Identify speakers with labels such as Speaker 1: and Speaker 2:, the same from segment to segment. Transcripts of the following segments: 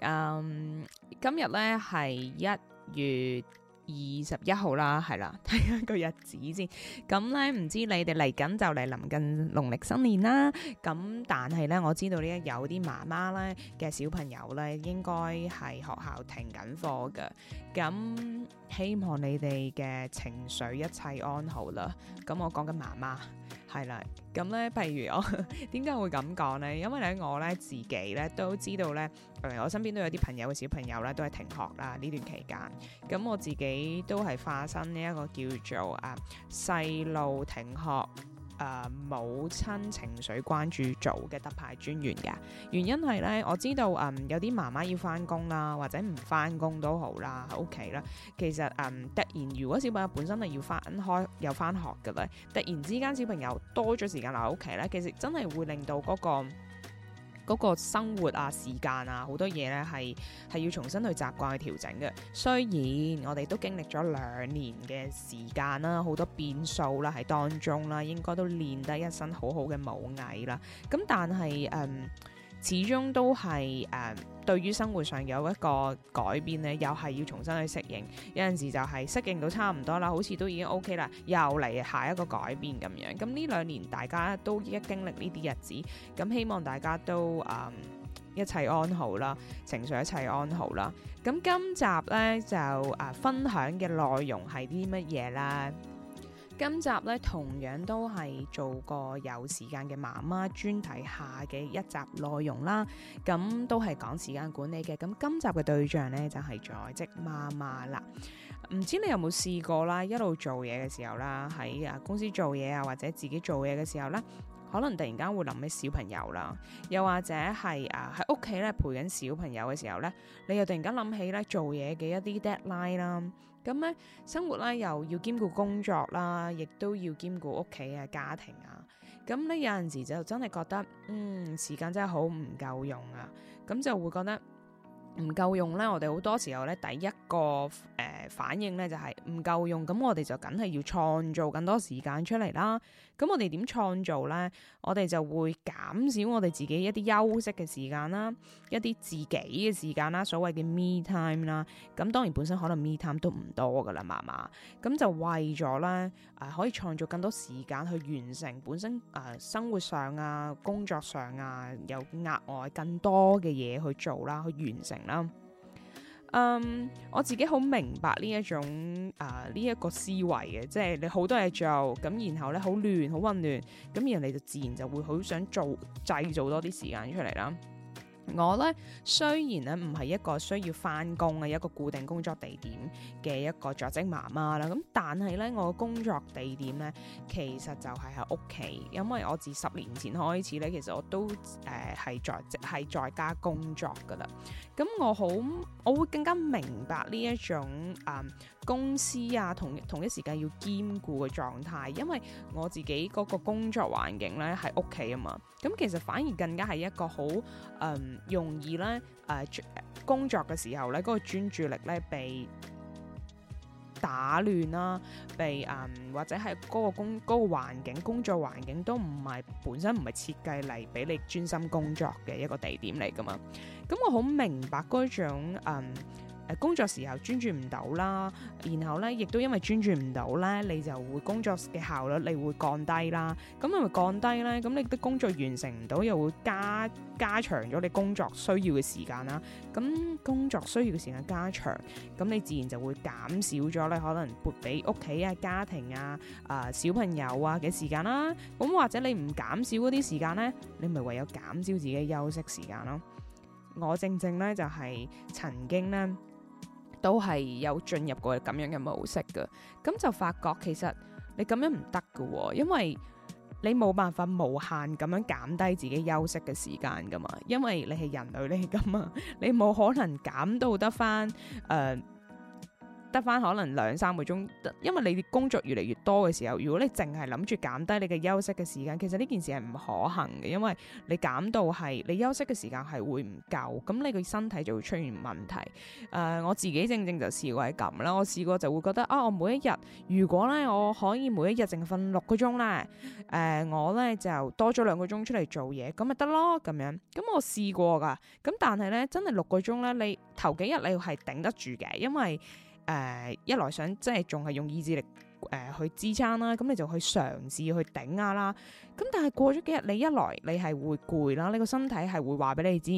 Speaker 1: 嗯，um, 今日咧係一月二十一號啦，係啦，睇下個日子先。咁、嗯、咧，唔知你哋嚟緊就嚟臨近農曆新年啦。咁、嗯、但係咧，我知道咧有啲媽媽咧嘅小朋友咧，應該係學校停緊課㗎。咁希望你哋嘅情緒一切安好啦。咁我講緊媽媽係啦。咁咧，譬如我點解會咁講咧？因為咧我咧自己咧都知道咧，誒，我身邊都有啲朋友嘅小朋友咧都係停學啦呢段期間。咁我自己都係化身呢一個叫做啊細路停學。誒、呃、母親情緒關注組嘅特派專員嘅原因係咧，我知道誒、嗯、有啲媽媽要返工啦，或者唔返工都好啦喺屋企啦。其實誒、嗯、突然，如果小朋友本身係要返開又返學嘅咧，突然之間小朋友多咗時間留喺屋企啦，其實真係會令到嗰、那個。嗰個生活啊、時間啊，好多嘢咧，係係要重新去習慣去調整嘅。雖然我哋都經歷咗兩年嘅時間啦，好多變數啦，喺當中啦，應該都練得一身好好嘅武藝啦。咁但係誒。嗯始終都係誒、呃、對於生活上有一個改變咧，又係要重新去適應。有陣時就係適應到差唔多啦，好似都已經 OK 啦，又嚟下一個改變咁樣。咁呢兩年大家都已經經歷呢啲日子，咁希望大家都誒、呃、一切安好啦，情緒一切安好啦。咁今集呢，就誒、呃、分享嘅內容係啲乜嘢啦？今集咧同樣都係做個有時間嘅媽媽專題下嘅一集內容啦，咁都係講時間管理嘅。咁今集嘅對象呢，就係在職媽媽啦。唔知你有冇試過啦？一路做嘢嘅時候啦，喺啊公司做嘢啊，或者自己做嘢嘅時候咧，可能突然間會諗起小朋友啦，又或者係啊喺屋企咧陪緊小朋友嘅時候呢，你又突然間諗起咧做嘢嘅一啲 deadline 啦。生活又要兼顧工作啦，亦都要兼顧屋企啊、家庭啊。有陣時就真係覺得，嗯，時間真係好唔夠用啊。就會覺得。唔夠用咧，我哋好多時候咧，第一個誒、呃、反應咧就係唔夠用，咁我哋就梗係要創造更多時間出嚟啦。咁我哋點創造咧？我哋就會減少我哋自己一啲休息嘅時間啦，一啲自己嘅時間啦，所謂嘅 me time 啦。咁當然本身可能 me time 都唔多噶啦嘛嘛，咁就為咗咧誒可以創造更多時間去完成本身誒、呃、生活上啊、工作上啊有額外更多嘅嘢去做啦，去完成。啦，嗯，um, 我自己好明白呢一種啊呢、呃、一個思維嘅，即係你好多嘢做，咁然後咧好亂，好混亂，咁而人哋就自然就會好想做製造多啲時間出嚟啦。我咧雖然咧唔係一個需要返工嘅一個固定工作地點嘅一個在職媽媽啦，咁但係咧我工作地點咧其實就係喺屋企，因為我自十年前開始咧，其實我都誒係、呃、在，即係在家工作噶啦。咁我好，我會更加明白呢一種誒。呃公司啊，同一同一時間要兼顧嘅狀態，因為我自己嗰個工作環境咧喺屋企啊嘛，咁其實反而更加係一個好嗯容易咧誒、呃、工作嘅時候咧，嗰、嗰個專注力咧被打亂啦、啊，被嗯或者係嗰個工嗰、嗰個環境，工作環境都唔係本身唔係設計嚟俾你專心工作嘅一個地點嚟噶嘛，咁我好明白嗰種嗯。工作時候專注唔到啦，然後咧亦都因為專注唔到咧，你就會工作嘅效率你會降低啦。咁係咪降低咧？咁你啲工作完成唔到，又會加加長咗你工作需要嘅時間啦。咁工作需要嘅時間加長，咁你自然就會減少咗咧，你可能撥俾屋企啊、家庭啊、啊、呃、小朋友啊嘅時間啦。咁或者你唔減少嗰啲時間咧，你咪唯有減少自己休息時間咯。我正正咧就係、是、曾經咧。都係有進入過咁樣嘅模式嘅，咁就發覺其實你咁樣唔得㗎，因為你冇辦法無限咁樣減低自己休息嘅時間噶嘛，因為你係人類嚟噶嘛，你冇可能減到得翻誒。呃得翻可能兩三個鐘，因為你工作越嚟越多嘅時候，如果你淨係諗住減低你嘅休息嘅時間，其實呢件事係唔可行嘅，因為你減到係你休息嘅時間係會唔夠，咁你個身體就會出現問題。誒、呃，我自己正正就試過係咁啦，我試過就會覺得啊，我每一日如果咧我可以每一日淨瞓六個鐘咧，誒、呃，我咧就多咗兩個鐘出嚟做嘢，咁咪得咯咁樣。咁我試過噶，咁但係咧真係六個鐘咧，你頭幾日你要係頂得住嘅，因為。誒、呃，一來想即係仲係用意志力誒、呃、去支撐啦，咁、嗯、你就去嘗試去頂下啦。咁但係過咗幾日，你一來你係會攰啦，你個身體係會話俾你知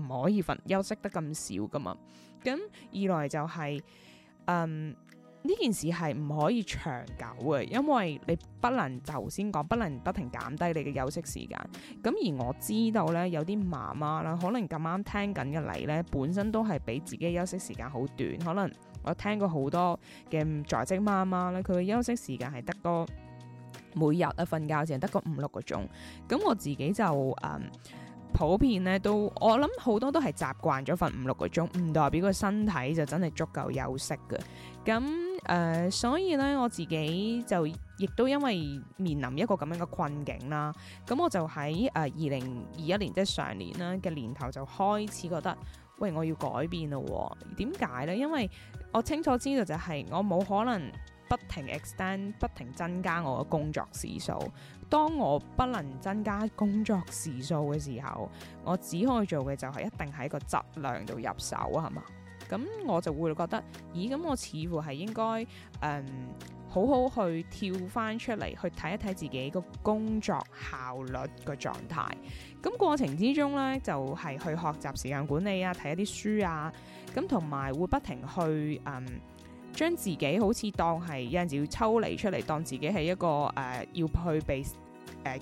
Speaker 1: 唔可以瞓休息得咁少㗎嘛。咁、嗯、二來就係、是、嗯呢件事係唔可以長久嘅，因為你不能頭先講，不能不停減低你嘅休息時間。咁、嗯、而我知道咧，有啲媽媽啦，可能咁啱聽緊嘅嚟咧，本身都係俾自己休息時間好短，可能。我聽過好多嘅在職媽媽咧，佢嘅休息時間係得多，每日啊瞓覺只係得個五六個鐘。咁我自己就誒、嗯、普遍咧，都我諗好多都係習慣咗瞓五六個鐘，唔代表個身體就真係足夠休息嘅。咁誒、呃，所以咧我自己就亦都因為面臨一個咁樣嘅困境啦。咁我就喺誒二零二一年即係上年啦嘅年頭就開始覺得，喂，我要改變啦、哦。點解咧？因為我清楚知道就係、是、我冇可能不停 extend，不停增加我嘅工作時數。當我不能增加工作時數嘅時候，我只可以做嘅就係一定喺個質量度入手，係嘛？咁我就會覺得，咦？咁我似乎係應該誒、嗯，好好去跳翻出嚟去睇一睇自己個工作效率嘅狀態。咁過程之中呢，就係、是、去學習時間管理啊，睇一啲書啊。咁同埋會不停去，嗯，將自己好似當係有陣時要抽離出嚟，當自己係一個誒、呃、要去被誒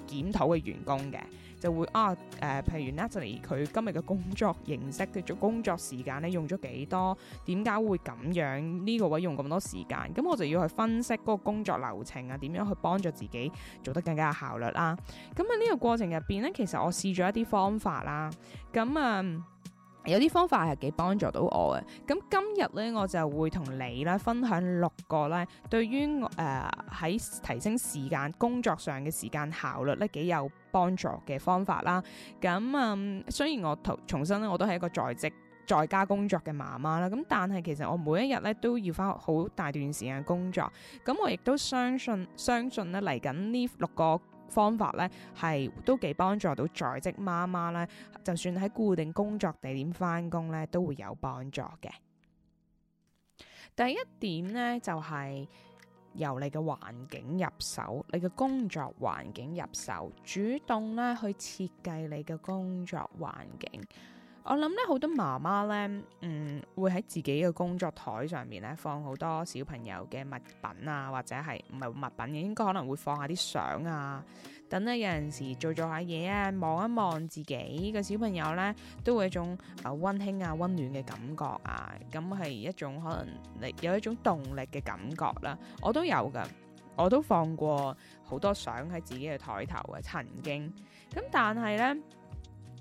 Speaker 1: 檢討嘅員工嘅，就會啊，誒、呃，譬如 Natalie 佢今日嘅工作形式，佢做工作時間咧用咗幾多？點解會咁樣？呢、這個位用咁多時間？咁我就要去分析嗰個工作流程啊，點樣去幫助自己做得更加有效率啦。咁啊，呢個過程入邊咧，其實我試咗一啲方法啦。咁啊。嗯有啲方法係幾幫助到我嘅，咁今日咧我就會同你咧分享六個咧對於誒喺提升時間工作上嘅時間效率咧幾有幫助嘅方法啦。咁啊、嗯，雖然我重重新咧我都係一個在職在家工作嘅媽媽啦，咁但係其實我每一日咧都要翻好大段時間工作，咁我亦都相信相信咧嚟緊呢六個方法咧係都幾幫助到在職媽媽咧，就算喺固定工作地點返工咧，都會有幫助嘅。第一點呢，就係由你嘅環境入手，你嘅工作環境入手，主動咧去設計你嘅工作環境。我諗咧，好多媽媽咧，嗯，會喺自己嘅工作台上面咧，放好多小朋友嘅物品啊，或者係唔係物品嘅，應該可能會放下啲相啊。等咧，有陣時做做下嘢啊，望一望自己嘅小朋友咧，都會一種啊溫馨啊溫暖嘅感覺啊。咁、嗯、係一種可能你有一種動力嘅感覺啦。我都有噶，我都放過好多相喺自己嘅台頭嘅，曾經。咁但係咧。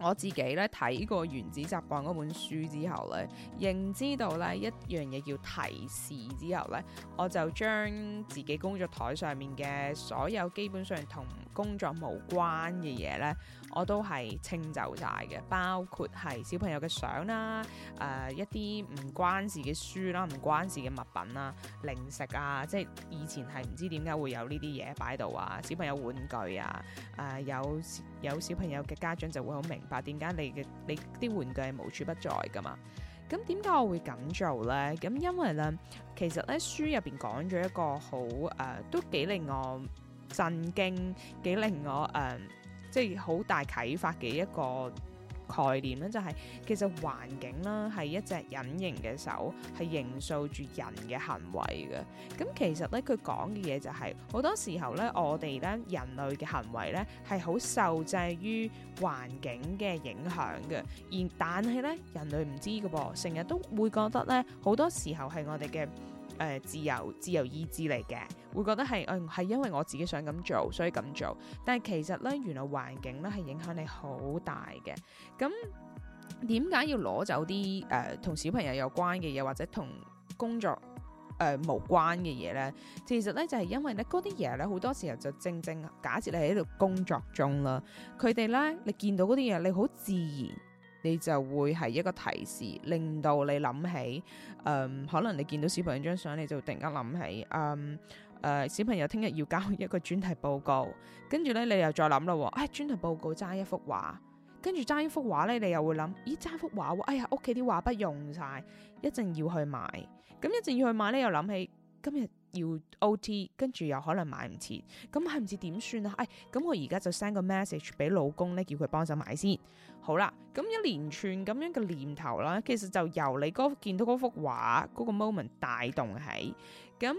Speaker 1: 我自己咧睇過原子習慣嗰本書之後咧，認知到咧一樣嘢叫提示之後咧，我就將自己工作台上面嘅所有基本上同工作無關嘅嘢呢，我都係清走晒嘅，包括係小朋友嘅相啦，誒、呃、一啲唔關事嘅書啦，唔關事嘅物品啦，零食啊，即係以前係唔知點解會有呢啲嘢擺度啊，小朋友玩具啊，誒、呃、有有小朋友嘅家長就會好明白點解你嘅你啲玩具係無處不在噶嘛。咁點解我會咁做呢？咁因為呢，其實呢，書入邊講咗一個好誒、呃，都幾令我。震驚，幾令我誒、呃，即係好大啟發嘅一個概念咧，就係、是、其實環境啦，係一隻隱形嘅手，係營造住人嘅行為嘅。咁其實咧，佢講嘅嘢就係、是、好多時候咧，我哋咧人類嘅行為咧，係好受制於環境嘅影響嘅。而但係咧，人類唔知㗎喎，成日都會覺得咧，好多時候係我哋嘅。誒、呃，自由自由意志嚟嘅，會覺得係誒係因為我自己想咁做，所以咁做。但係其實咧，原來環境咧係影響你好大嘅。咁點解要攞走啲誒同小朋友有關嘅嘢，或者同工作誒、呃、無關嘅嘢咧？其實咧就係、是、因為咧嗰啲嘢咧，好多時候就正正假設你喺度工作中啦，佢哋咧你見到嗰啲嘢，你好自然。你就會係一個提示，令到你諗起，嗯、呃，可能你見到小朋友張相，你就突然間諗起，嗯、呃，誒、呃，小朋友聽日要交一個專題報告，跟住咧你又再諗啦，啊、哎，專題報告揸一幅畫，跟住揸一幅畫咧，你又會諗，咦，揸幅畫，哎呀，屋企啲畫筆用晒，一陣要去買，咁一陣要去買咧，又諗起今日，要 OT，跟住又可能買唔切，咁係唔知點算啊！哎，咁我而家就 send 個 message 俾老公咧，叫佢幫手買先。好啦，咁一連串咁樣嘅念頭啦，其實就由你嗰見到嗰幅畫嗰、嗰個 moment 帶動起。咁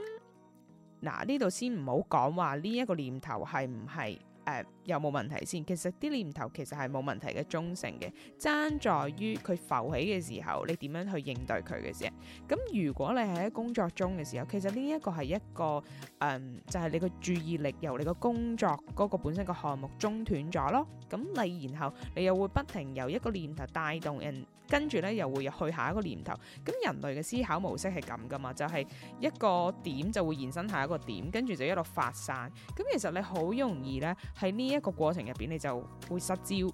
Speaker 1: 嗱，呢度先唔好講話呢一個念頭係唔係誒，呃有冇問題先？其實啲念頭其實係冇問題嘅，中性嘅，爭在於佢浮起嘅時候，你點樣去應對佢嘅時候。咁如果你係喺工作中嘅時候，其實呢一個係一個嗯，就係、是、你個注意力由你個工作嗰個本身個項目中斷咗咯。咁你然後你又會不停由一個念頭帶動人，跟住咧又會去下一個念頭。咁人類嘅思考模式係咁噶嘛？就係、是、一個點就會延伸下一個點，跟住就一路發散。咁其實你好容易咧喺呢一一個過程入邊，你就會失焦，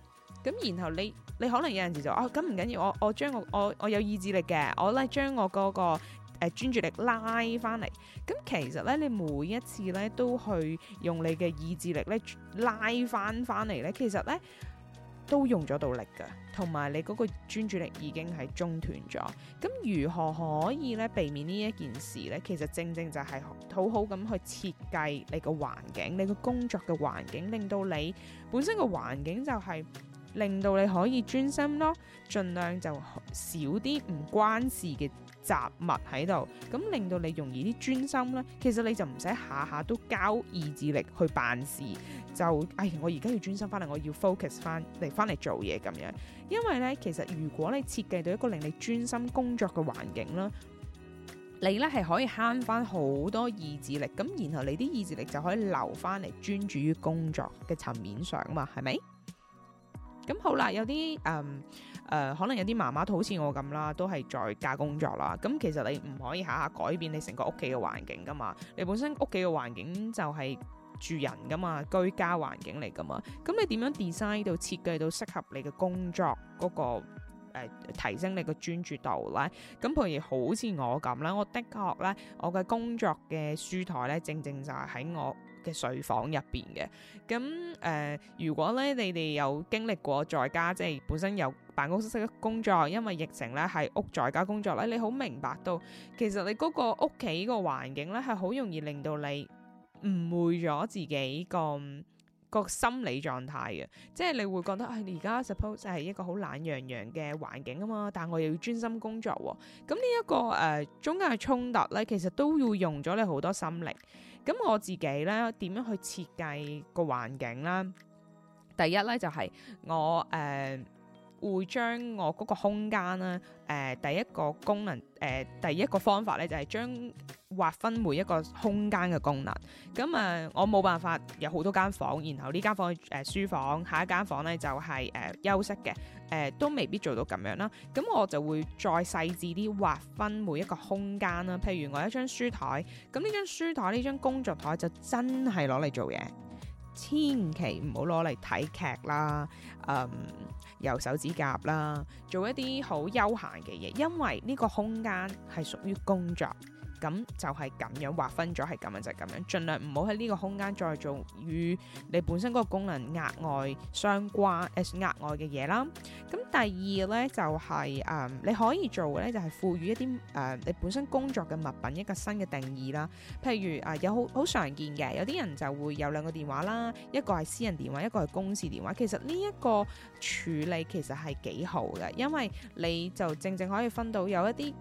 Speaker 1: 咁然後你，你可能有陣時就哦，咁唔緊要，我我將我我我有意志力嘅，我咧將我嗰個誒專注力拉翻嚟。咁其實咧，你每一次咧都去用你嘅意志力咧拉翻翻嚟咧，其實咧。都用咗到力㗎，同埋你嗰個專注力已經係中斷咗。咁如何可以咧避免呢一件事咧？其實正正就係好好咁去設計你個環境，你個工作嘅環境，令到你本身個環境就係令到你可以專心咯。盡量就少啲唔關事嘅雜物喺度，咁令到你容易啲專心啦。其實你就唔使下下都交意志力去辦事。就，哎，我而家要專心翻嚟，我要 focus 翻嚟翻嚟做嘢咁樣。因為咧，其實如果你設計到一個令你專心工作嘅環境啦，你咧係可以慳翻好多意志力，咁然後你啲意志力就可以留翻嚟專注於工作嘅層面上啊嘛，係咪？咁好啦，有啲，嗯、呃，誒、呃，可能有啲媽媽，都好似我咁啦，都係在家工作啦。咁其實你唔可以下下改變你成個屋企嘅環境噶嘛，你本身屋企嘅環境就係、是。住人㗎嘛，居家環境嚟㗎嘛，咁你點樣 design 到設計到適合你嘅工作嗰、那個、呃、提升你嘅專注度啦？咁譬如好似我咁啦，我的確咧，我嘅工作嘅書枱咧，正正就係喺我嘅睡房入邊嘅。咁誒、呃，如果咧你哋有經歷過在家，即係本身有辦公室式嘅工作，因為疫情咧係屋在家工作咧，你好明白到其實你嗰個屋企個環境咧係好容易令到你。誤會咗自己個個心理狀態嘅，即係你會覺得，啊，而家 suppose 係一個好懶洋洋嘅環境啊嘛，但我又要專心工作喎。咁呢一個誒中間嘅衝突咧，其實都要用咗你好多心力。咁我自己咧點樣去設計個環境啦？第一咧就係我誒會將我嗰個空間咧誒第一個功能誒第一個方法咧就係將。劃分每一個空間嘅功能咁誒、呃，我冇辦法有好多間房，然後呢間房誒、呃、書房，下一間房咧就係、是、誒、呃、休息嘅誒、呃，都未必做到咁樣啦。咁我就會再細緻啲劃分每一個空間啦。譬如我一張書枱，咁呢張書枱呢張工作枱就真係攞嚟做嘢，千祈唔好攞嚟睇劇啦，嗯、呃，遊手指甲啦，做一啲好休閒嘅嘢，因為呢個空間係屬於工作。咁就係咁樣劃分咗，係咁樣，就係、是、咁樣，盡量唔好喺呢個空間再做與你本身嗰個功能額外相關、呃、額外嘅嘢啦。咁第二呢，就係、是、誒、呃，你可以做嘅呢，就係賦予一啲誒、呃、你本身工作嘅物品一個新嘅定義啦。譬如誒、呃，有好好常見嘅，有啲人就會有兩個電話啦，一個係私人電話，一個係公事電話。其實呢一個處理其實係幾好嘅，因為你就正正可以分到有一啲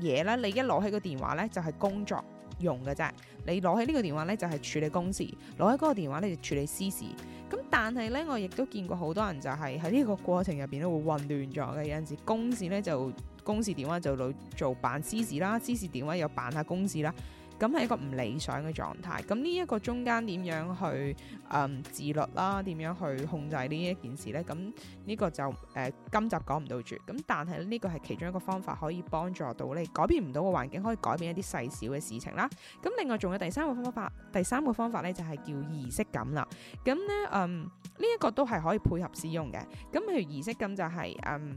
Speaker 1: 嘢咧，你一攞起個電話咧就係工作用嘅啫，你攞起呢個電話咧就係處理公事，攞起嗰個電話咧就處理私事。咁但係咧，我亦都見過好多人就係喺呢個過程入邊咧會混亂咗嘅，有陣時公事咧就公事電話就嚟做辦私事啦，私事電話又辦下公事啦。咁係一個唔理想嘅狀態，咁呢一個中間點樣去嗯自律啦，點樣去控制呢一件事呢？咁呢個就誒今集講唔到住，咁但係呢個係其中一個方法可以幫助到你改變唔到嘅環境，可以改變一啲細小嘅事情啦。咁另外仲有第三個方法，第三個方法呢就係叫儀式感啦。咁咧嗯呢一個都係可以配合使用嘅。咁譬如儀式感就係嗯。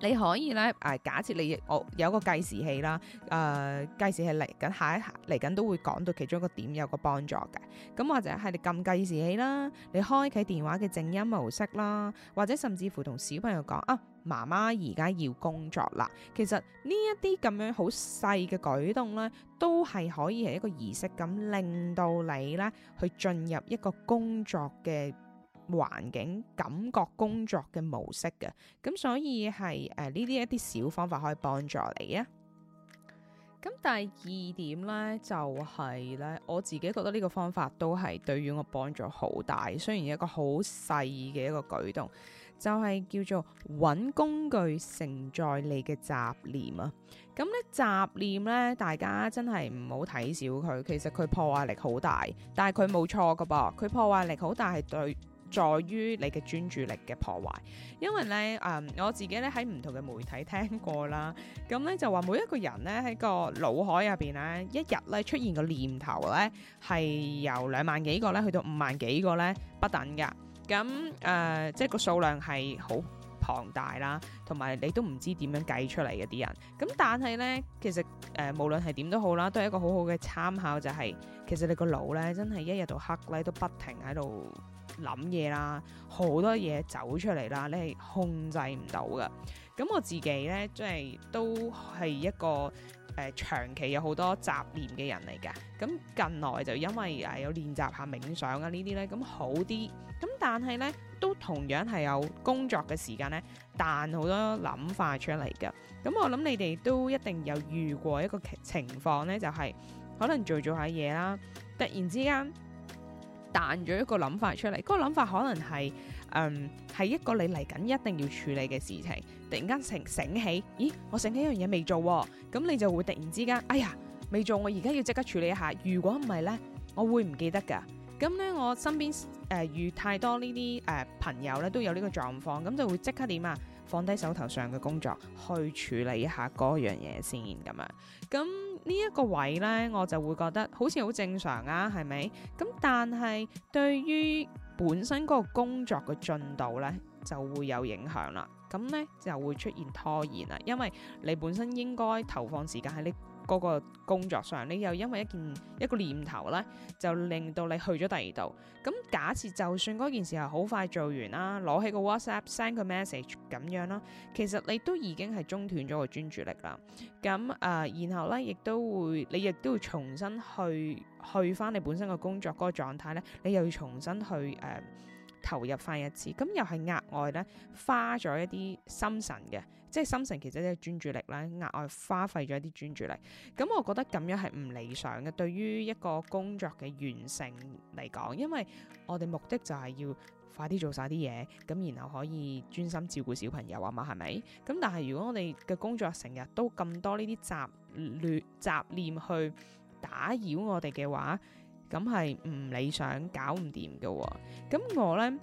Speaker 1: 你可以咧誒假設你我有個計時器啦，誒、呃、計時器嚟緊下一嚟緊都會講到其中一個點有個幫助嘅，咁或者係你撳計時器啦，你開啟電話嘅靜音模式啦，或者甚至乎同小朋友講啊，媽媽而家要工作啦，其實呢一啲咁樣好細嘅舉動咧，都係可以係一個儀式咁令到你咧去進入一個工作嘅環境，感覺工作嘅模式嘅，咁所以係誒呢啲一啲小方法可以幫助你啊。咁第二點呢，就係呢我自己覺得呢個方法都係對於我幫助好大。雖然一個好細嘅一個舉動，就係叫做揾工具承載你嘅雜念啊。咁呢雜念呢，大家真係唔好睇小佢，其實佢破壞力好大，但係佢冇錯噶噃，佢破壞力好大係對。在於你嘅專注力嘅破壞，因為咧，誒、嗯、我自己咧喺唔同嘅媒體聽過啦。咁咧就話每一個人咧喺個腦海入邊咧，一日咧出現嘅念頭咧係由兩萬幾個咧去到五萬幾個咧不等㗎。咁誒、呃，即係個數量係好龐大啦，同埋你都唔知點樣計出嚟嘅啲人。咁但係咧，其實誒、呃、無論係點都好啦，都係一個好好嘅參考，就是，就係其實你個腦咧真係一日到黑咧都不停喺度。諗嘢啦，好多嘢走出嚟啦，你係控制唔到㗎。咁我自己呢，即係都係一個誒、呃、長期有好多雜念嘅人嚟嘅。咁近來就因為誒、啊、有練習下冥想啊呢啲呢，咁好啲。咁但係呢，都同樣係有工作嘅時間呢，彈好多諗法出嚟㗎。咁我諗你哋都一定有遇過一個情況呢，就係、是、可能做做下嘢啦，突然之間，彈咗一個諗法出嚟，嗰個諗法可能係，嗯，係一個你嚟緊一定要處理嘅事情。突然間醒，醒起，咦，我醒起一樣嘢未做喎，咁你就會突然之間，哎呀，未做，我而家要即刻處理一下。如果唔係呢，我會唔記得噶。咁呢，我身邊誒、呃、遇太多呢啲誒朋友呢，都有呢個狀況，咁就會即刻點啊，放低手頭上嘅工作去處理一下嗰樣嘢先，咁樣，咁。呢一個位呢，我就會覺得好似好正常啊，係咪？咁但係對於本身嗰個工作嘅進度呢，就會有影響啦。咁呢，就會出現拖延啦，因為你本身應該投放時間喺呢，嗰個工作上，你又因為一件一個念頭咧，就令到你去咗第二度。咁假設就算嗰件事係好快做完啦，攞起個 WhatsApp send 個 message 咁樣啦，其實你都已經係中斷咗個專注力啦。咁啊、呃，然後咧亦都會，你亦都要重新去去翻你本身個工作嗰個狀態咧，你又要重新去誒。呃投入翻一次，咁又係額外咧花咗一啲心神嘅，即係心神其實即係專注力啦，額外花費咗一啲專注力。咁、嗯、我覺得咁樣係唔理想嘅，對於一個工作嘅完成嚟講，因為我哋目的就係要快啲做晒啲嘢，咁然後可以專心照顧小朋友啊嘛，係咪？咁、嗯、但係如果我哋嘅工作成日都咁多呢啲雜亂雜念去打擾我哋嘅話，咁係唔理想，搞唔掂噶。咁我呢，呢、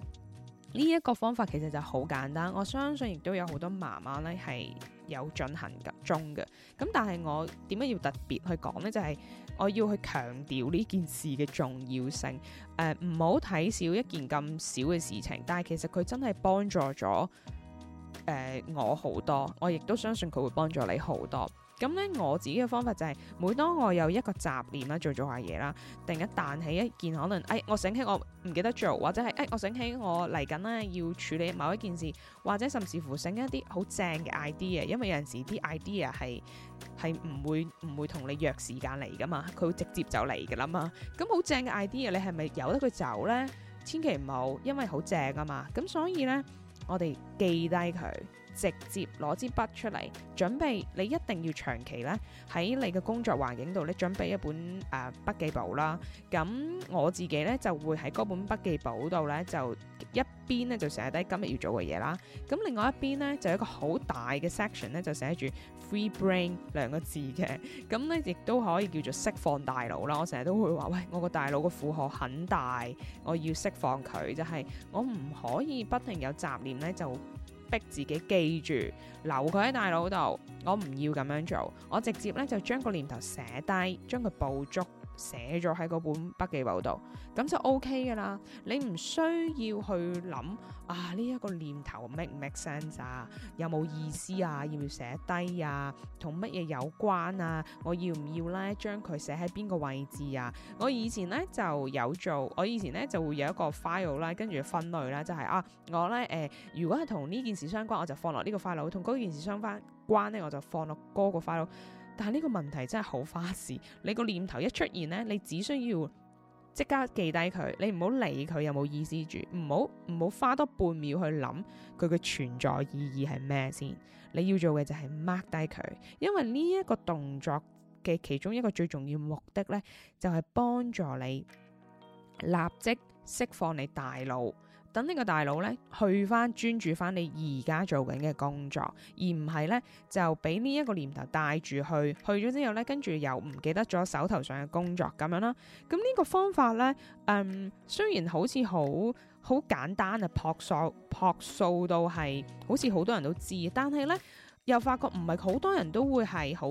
Speaker 1: 呢、一個方法其實就好簡單，我相信亦都有好多媽媽呢係有進行中嘅。咁但係我點解要特別去講呢？就係、是、我要去強調呢件事嘅重要性。誒、呃，唔好睇小一件咁小嘅事情，但係其實佢真係幫助咗誒、呃、我好多。我亦都相信佢會幫助你好多。咁咧，我自己嘅方法就係每當我有一個雜念啦，做做下嘢啦，突然一彈起一件可能，哎，我醒起我唔記得做，或者係，哎，我醒起我嚟緊咧要處理某一件事，或者甚至乎醒一啲好正嘅 idea，因為有陣時啲 idea 係係唔會唔會同你約時間嚟噶嘛，佢會直接就嚟噶啦嘛。咁好正嘅 idea，你係咪由得佢走咧？千祈唔好，因為好正啊嘛。咁所以咧，我哋記低佢。直接攞支筆出嚟，準備你一定要長期咧喺你嘅工作環境度咧，準備一本誒、呃、筆記簿啦。咁我自己咧就會喺嗰本筆記簿度咧，就一邊咧就寫低今日要做嘅嘢啦。咁另外一邊咧就有一個好大嘅 section 咧，就寫住 free brain 兩個字嘅。咁咧亦都可以叫做釋放大腦啦。我成日都會話喂，我個大腦嘅負荷很大，我要釋放佢，就係、是、我唔可以不停有雜念咧就。逼自己記住，留佢喺大腦度。我唔要咁樣做，我直接呢就將個念頭寫低，將佢捕捉。寫咗喺嗰本筆記簿度，咁就 OK 㗎喇。你唔需要去諗啊呢一、這個念頭 make 唔 make sense 啊，有冇意思啊，要唔要寫低啊，同乜嘢有關啊？我要唔要咧將佢寫喺邊個位置啊？我以前咧就有做，我以前咧就會有一個 file 啦，跟住分類啦、就係，就係啊我咧誒、呃，如果係同呢件事相關，我就放落呢個 file；同嗰件事相關咧，我就放落嗰個 file。但係呢個問題真係好花事，你個念頭一出現呢，你只需要即刻記低佢，你唔好理佢有冇意思住，唔好唔好花多半秒去諗佢嘅存在意義係咩先。你要做嘅就係 mark 低佢，因為呢一個動作嘅其中一個最重要目的呢，就係、是、幫助你立即釋放你大腦。等呢個大佬咧，去返專注返你而家做緊嘅工作，而唔係咧就俾呢一個念頭帶住去，去咗之後咧，跟住又唔記得咗手頭上嘅工作咁樣啦。咁呢個方法咧，嗯，雖然好似好好簡單啊，樸素樸素到係好似好多人都知，但係咧又發覺唔係好多人都會係好。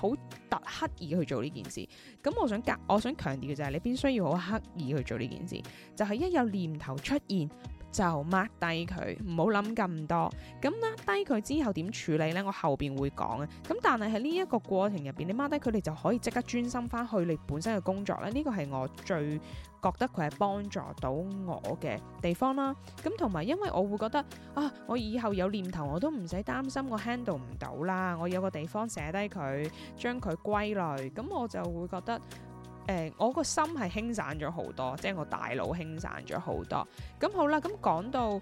Speaker 1: 好特刻意去做呢件事，咁我想強，我想強調嘅就係你必須要好刻意去做呢件事，就係、是、一有念頭出現就 mark 低佢，唔好諗咁多。咁 mark 低佢之後點處理呢？我後邊會講啊。咁但係喺呢一個過程入邊，你 mark 低佢哋就可以即刻專心翻去你本身嘅工作咧。呢、這個係我最。覺得佢係幫助到我嘅地方啦，咁同埋因為我會覺得啊，我以後有念頭我都唔使擔心，我 handle 唔到啦，我有個地方寫低佢，將佢歸類，咁我就會覺得誒，我個心係輕散咗好多，即係我大腦輕散咗好多。咁好啦，咁講到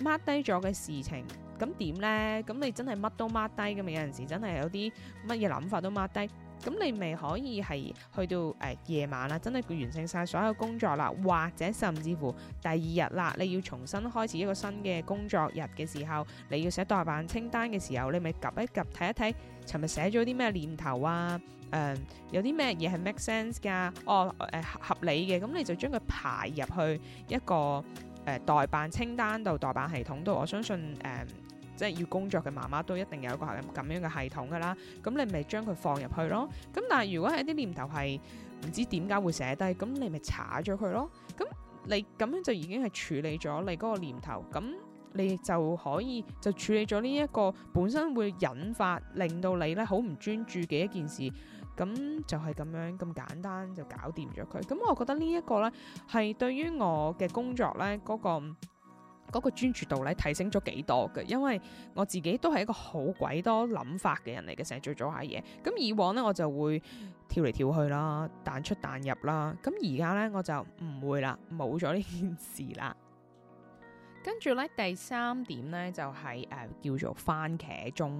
Speaker 1: mark 低咗嘅事情，咁點呢？咁你真係乜都 mark 低咁，有陣時真係有啲乜嘢諗法都 mark 低。咁你咪可以係去到誒、呃、夜晚啦，真係完成晒所有工作啦，或者甚至乎第二日啦，你要重新開始一個新嘅工作日嘅時候，你要寫代辦清單嘅時候，你咪及一及睇一睇，尋日寫咗啲咩念頭啊？誒、呃，有啲咩嘢係 make sense 㗎？啊，哦，誒、呃、合理嘅，咁你就將佢排入去一個誒、呃、代辦清單度、代辦系統度。我相信誒。呃即係要工作嘅媽媽都一定有一個咁樣嘅系統噶啦，咁你咪將佢放入去咯。咁但係如果係一啲念頭係唔知點解會寫低，咁你咪查咗佢咯。咁你咁樣就已經係處理咗你嗰個念頭，咁你就可以就處理咗呢一個本身會引發令到你咧好唔專注嘅一件事，咁就係咁樣咁簡單就搞掂咗佢。咁我覺得呢一個咧係對於我嘅工作咧嗰個。嗰個專注度咧提升咗幾多嘅，因為我自己都係一個好鬼多諗法嘅人嚟嘅，成日做做下嘢。咁以往呢，我就會跳嚟跳去啦，彈出彈入啦。咁而家呢，我就唔會啦，冇咗呢件事啦。跟住咧第三點呢，就係、是、誒、呃、叫做番茄鐘。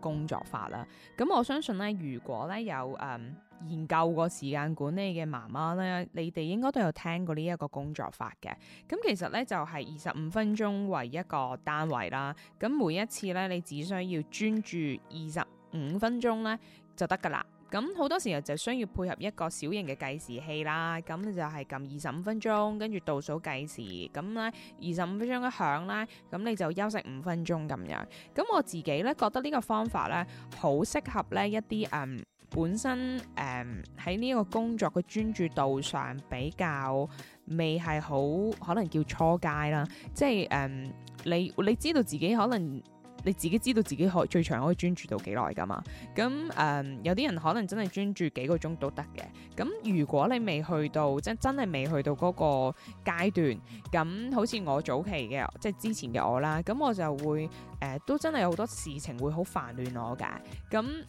Speaker 1: 工作法啦，咁我相信咧，如果咧有誒、嗯、研究過時間管理嘅媽媽咧，你哋應該都有聽過呢一個工作法嘅。咁其實咧就係二十五分鐘為一個單位啦，咁每一次咧你只需要專注二十五分鐘咧就得噶啦。咁好多時候就需要配合一個小型嘅計時器啦，咁你就係撳二十五分鐘，跟住倒數計時，咁咧二十五分鐘一響啦，咁你就休息五分鐘咁樣。咁我自己咧覺得呢個方法咧，好適合咧一啲誒、呃、本身誒喺呢一個工作嘅專注度上比較未係好，可能叫初階啦，即係誒、呃、你你知道自己可能。你自己知道自己可最長可以專注到幾耐㗎嘛？咁誒、呃、有啲人可能真係專注幾個鐘都得嘅。咁如果你未去到真真係未去到嗰個階段，咁好似我早期嘅即係之前嘅我啦，咁我就會誒、呃、都真係有好多事情會好煩亂我㗎。咁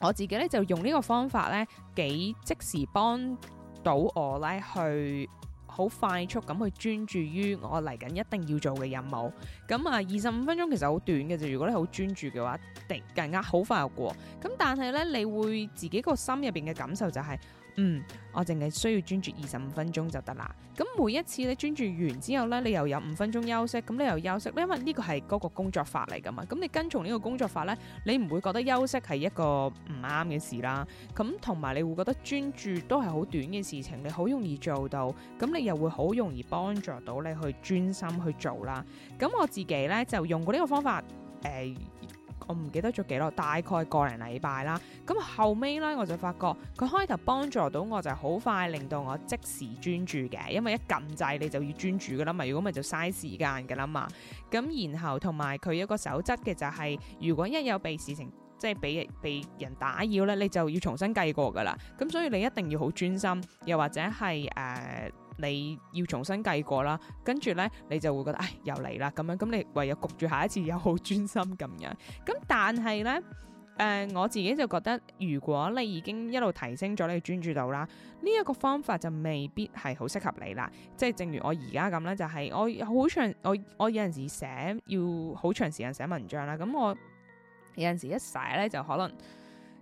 Speaker 1: 我自己咧就用呢個方法咧幾即時幫到我咧去。好快速咁去專注於我嚟緊一定要做嘅任務，咁啊二十五分鐘其實好短嘅啫，如果你好專注嘅話，定更加好快過。咁但係呢，你會自己個心入邊嘅感受就係、是。嗯，我淨係需要專注二十五分鐘就得啦。咁每一次你專注完之後呢，你又有五分鐘休息，咁你又休息。因為呢個係嗰個工作法嚟噶嘛，咁你跟從呢個工作法呢，你唔會覺得休息係一個唔啱嘅事啦。咁同埋你會覺得專注都係好短嘅事情，你好容易做到，咁你又會好容易幫助到你去專心去做啦。咁我自己呢，就用過呢個方法，誒、呃。我唔記得咗幾多，大概個零禮拜啦。咁後尾咧，我就發覺佢開頭幫助到我，就好快令到我即時專注嘅。因為一撳掣你就要專注噶啦嘛，如果唔係就嘥時間噶啦嘛。咁然後同埋佢一個守則嘅就係、是，如果一有被事情即係被被人打擾咧，你就要重新計過噶啦。咁所以你一定要好專心，又或者係誒。呃你要重新計過啦，跟住咧你就會覺得，唉，又嚟啦咁樣，咁你唯有焗住下一次又好專心咁樣。咁但係咧，誒、呃，我自己就覺得，如果你已經一路提升咗你嘅專注度啦，呢、這、一個方法就未必係好適合你啦。即係正如我而家咁咧，就係、是、我好長，我我有陣時寫要好長時間寫文章啦，咁我有陣時一寫咧就可能。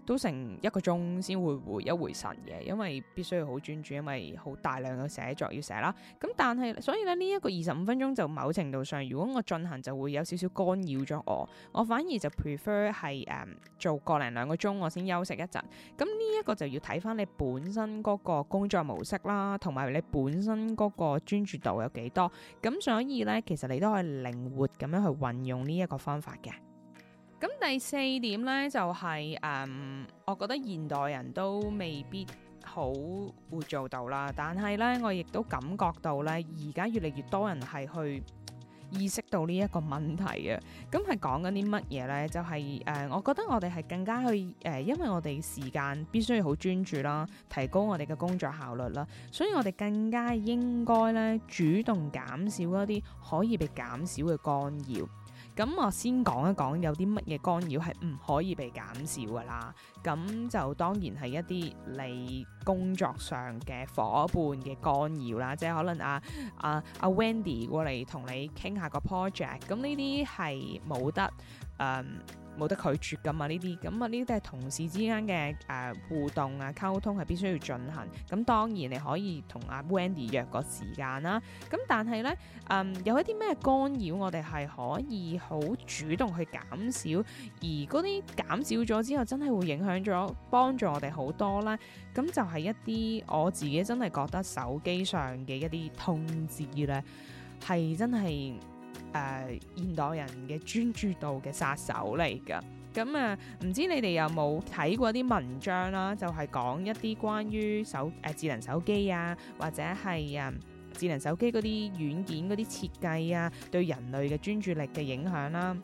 Speaker 1: 都成一個鐘先會回一回神嘅，因為必須要好專注，因為好大量嘅寫作要寫啦。咁但係，所以咧呢一個二十五分鐘就某程度上，如果我進行就會有少少干擾咗我，我反而就 prefer 係誒、嗯、做個零兩個鐘，我先休息一陣。咁呢一個就要睇返你本身嗰個工作模式啦，同埋你本身嗰個專注度有幾多。咁所以咧，其實你都可以靈活咁樣去運用呢一個方法嘅。咁第四點咧就係、是、誒、嗯，我覺得現代人都未必好會做到啦。但係咧，我亦都感覺到咧，而家越嚟越多人係去意識到呢一個問題啊。咁係講緊啲乜嘢咧？就係、是、誒、呃，我覺得我哋係更加去誒、呃，因為我哋時間必須要好專注啦，提高我哋嘅工作效率啦，所以我哋更加應該咧主動減少一啲可以被減少嘅干擾。咁我先講一講有啲乜嘢干擾係唔可以被減少噶啦？咁就當然係一啲你工作上嘅伙伴嘅干擾啦，即係可能阿、啊、阿阿、啊啊、Wendy 過嚟同你傾下個 project，咁呢啲係冇得嗯。冇得拒絕㗎嘛？呢啲咁啊，呢啲都係同事之間嘅誒、呃、互動啊、溝通係必須要進行。咁當然你可以同阿、啊、Wendy 約個時間啦。咁但係呢，嗯，有一啲咩干擾我哋係可以好主動去減少，而嗰啲減少咗之後，真係會影響咗，幫助我哋好多啦。咁就係一啲我自己真係覺得手機上嘅一啲通知呢，係真係。誒、呃、現代人嘅專注度嘅殺手嚟㗎，咁啊唔知你哋有冇睇過啲文章啦，就係、是、講一啲關於手誒、呃、智能手機啊，或者係啊、呃、智能手機嗰啲軟件嗰啲設計啊，對人類嘅專注力嘅影響啦、啊。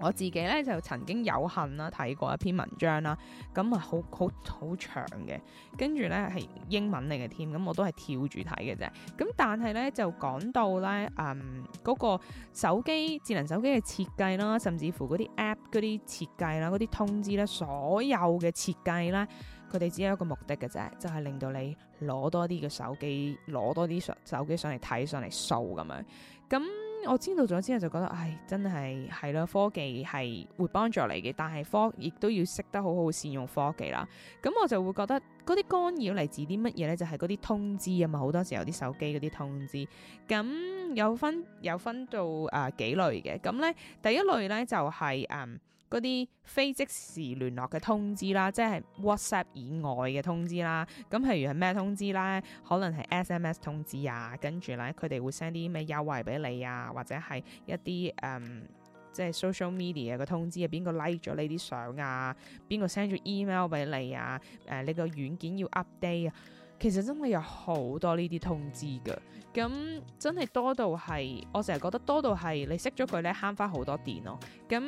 Speaker 1: 我自己咧就曾經有幸啦睇過一篇文章啦，咁啊好好好長嘅，跟住咧係英文嚟嘅添，咁我都係跳住睇嘅啫。咁但係咧就講到咧，嗯嗰個手機智能手機嘅設計啦，甚至乎嗰啲 app 嗰啲設計啦，嗰啲通知咧，所有嘅設計啦，佢哋只有一個目的嘅啫，就係令到你攞多啲嘅手機攞多啲上手機上嚟睇上嚟掃咁樣咁。我知道咗之後就覺得，唉，真係係咯，科技係會幫助你嘅，但係科亦都要識得好好善用科技啦。咁我就會覺得嗰啲干擾嚟自啲乜嘢咧？就係嗰啲通知啊嘛，好多時候啲手機嗰啲通知，咁有分有分到啊、呃、幾類嘅。咁咧第一類咧就係、是、嗯。呃嗰啲非即時聯絡嘅通知啦，即係 WhatsApp 以外嘅通知啦。咁譬如係咩通知咧？可能係 SMS 通知啊。跟住咧，佢哋會 send 啲咩優惠俾你啊？或者係一啲誒、嗯，即係 social media 嘅通知、like、啊。邊個 like 咗呢啲相啊？邊個 send 咗 email 俾你啊？誒、呃，你個軟件要 update 啊。其實真係有好多呢啲通知㗎，咁真係多到係我成日覺得多到係你熄咗佢咧，慳翻好多電咯。咁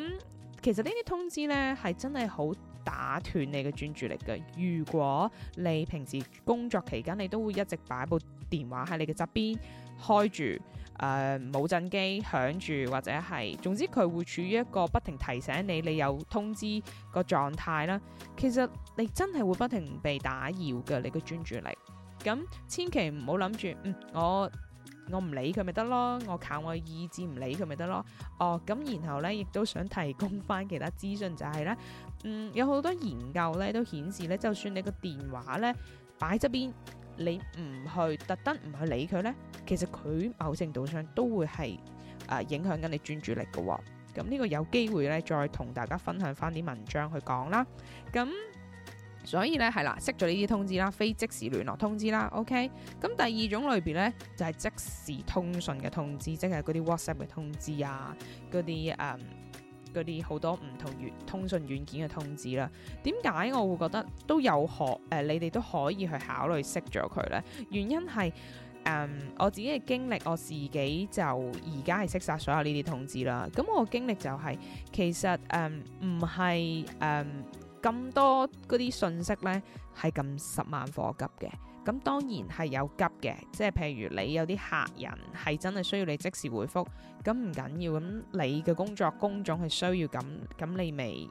Speaker 1: 其實呢啲通知呢係真係好打斷你嘅專注力嘅。如果你平時工作期間，你都會一直擺部電話喺你嘅側邊開住，誒、呃、冇震機響住，或者係，總之佢會處於一個不停提醒你你有通知個狀態啦。其實你真係會不停被打擾嘅，你嘅專注力。咁千祈唔好諗住，嗯，我。我唔理佢咪得咯，我靠我意志唔理佢咪得咯。哦，咁然後咧，亦都想提供翻其他資訊就係、是、咧，嗯，有好多研究咧都顯示咧，就算你個電話咧擺側邊，你唔去特登唔去理佢咧，其實佢某程度上都會係誒、呃、影響緊你專注力㗎、哦。咁、嗯、呢、這個有機會咧，再同大家分享翻啲文章去講啦。咁、嗯。所以咧，係啦，熄咗呢啲通知啦，非即時聯絡通知啦，OK。咁第二種類別呢，就係、是、即時通訊嘅通知，即係嗰啲 WhatsApp 嘅通知啊，嗰啲誒，啲、嗯、好多唔同通訊軟件嘅通知啦。點解我會覺得都有學誒、呃，你哋都可以去考慮熄咗佢呢？原因係誒、嗯，我自己嘅經歷，我自己就而家係熄晒所有呢啲通知啦。咁我嘅經歷就係、是、其實誒，唔係誒。咁多嗰啲信息呢，係咁十萬火急嘅，咁當然係有急嘅，即係譬如你有啲客人係真係需要你即時回覆，咁唔緊要，咁你嘅工作工種係需要咁，咁你咪